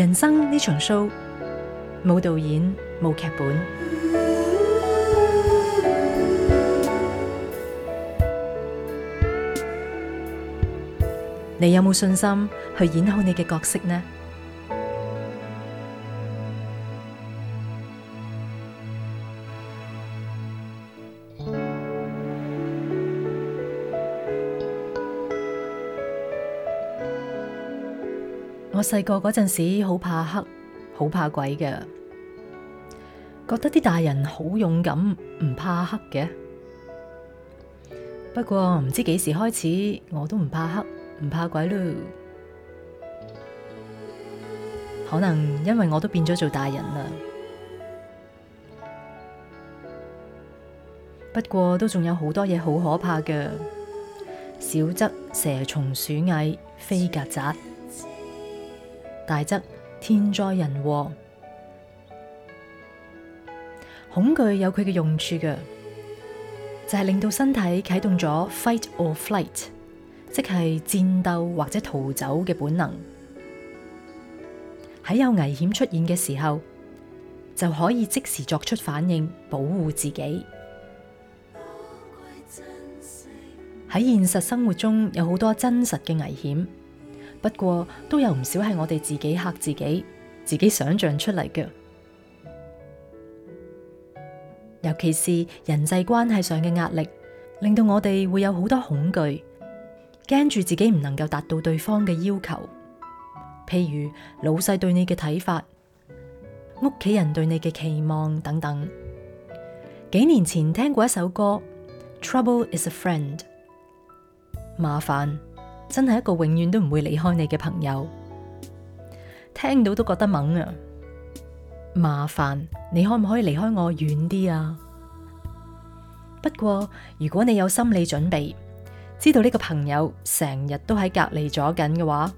人生呢場 show，冇導演，冇劇本，你有冇信心去演好你嘅角色呢？我細個嗰陣時好怕黑，好怕鬼嘅，覺得啲大人好勇敢，唔怕黑嘅。不過唔知幾時開始，我都唔怕黑，唔怕鬼咯。可能因為我都變咗做大人啦。不過都仲有好多嘢好可怕嘅，小則蛇蟲鼠蟻，飛曱甴。大則天災人禍，恐懼有佢嘅用處嘅，就係令到身體啟動咗 fight or flight，即係戰鬥或者逃走嘅本能。喺有危險出現嘅時候，就可以即時作出反應，保護自己。喺現實生活中，有好多真實嘅危險。不過都有唔少係我哋自己嚇自己，自己想象出嚟嘅。尤其是人際關係上嘅壓力，令到我哋會有好多恐懼，驚住自己唔能夠達到對方嘅要求。譬如老細對你嘅睇法，屋企人對你嘅期望等等。幾年前聽過一首歌，《Trouble Is a Friend》，麻煩。真係一個永遠都唔會離開你嘅朋友，聽到都覺得懵啊！麻煩你可唔可以離開我遠啲啊？不過如果你有心理準備，知道呢個朋友成日都喺隔離左近嘅話，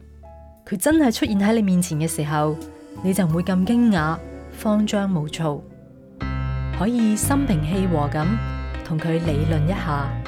佢真係出現喺你面前嘅時候，你就唔會咁驚訝、慌張、無措，可以心平氣和咁同佢理論一下。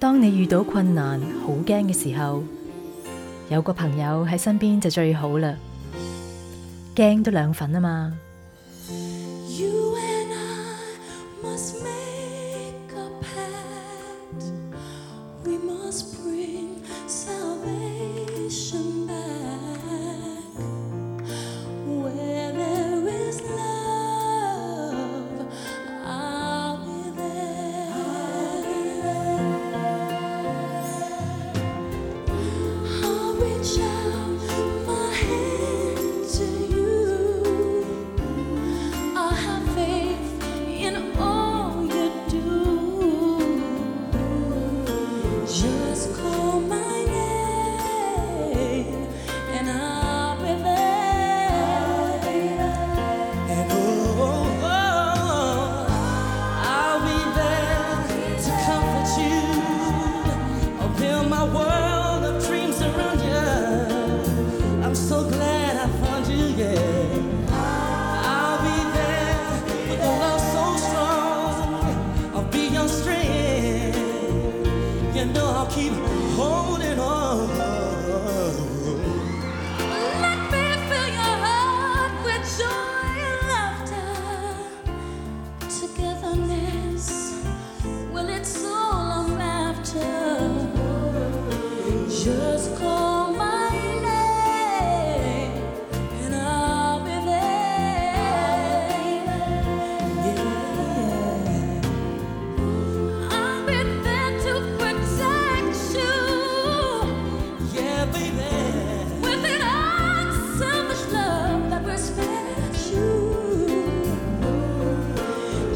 當你遇到困難、好驚嘅時候，有個朋友喺身邊就最好啦。驚都兩份吖嘛～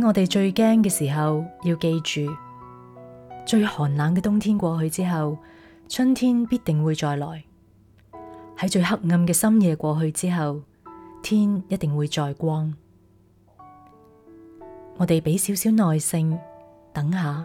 喺我哋最驚嘅時候，要記住，最寒冷嘅冬天過去之後，春天必定會再來；喺最黑暗嘅深夜過去之後，天一定會再光。我哋畀少少耐性，等下。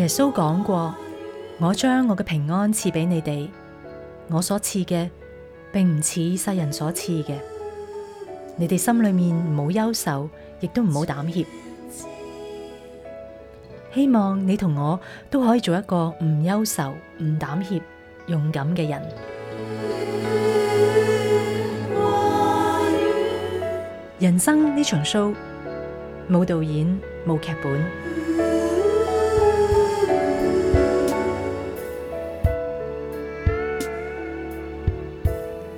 耶穌講過：我將我嘅平安賜俾你哋，我所賜嘅，並唔似世人所賜嘅。你哋心裏面冇憂愁，亦都唔好膽怯。希望你同我都可以做一個唔憂愁、唔膽怯、勇敢嘅人。人生呢場 show 冇導演，冇劇本。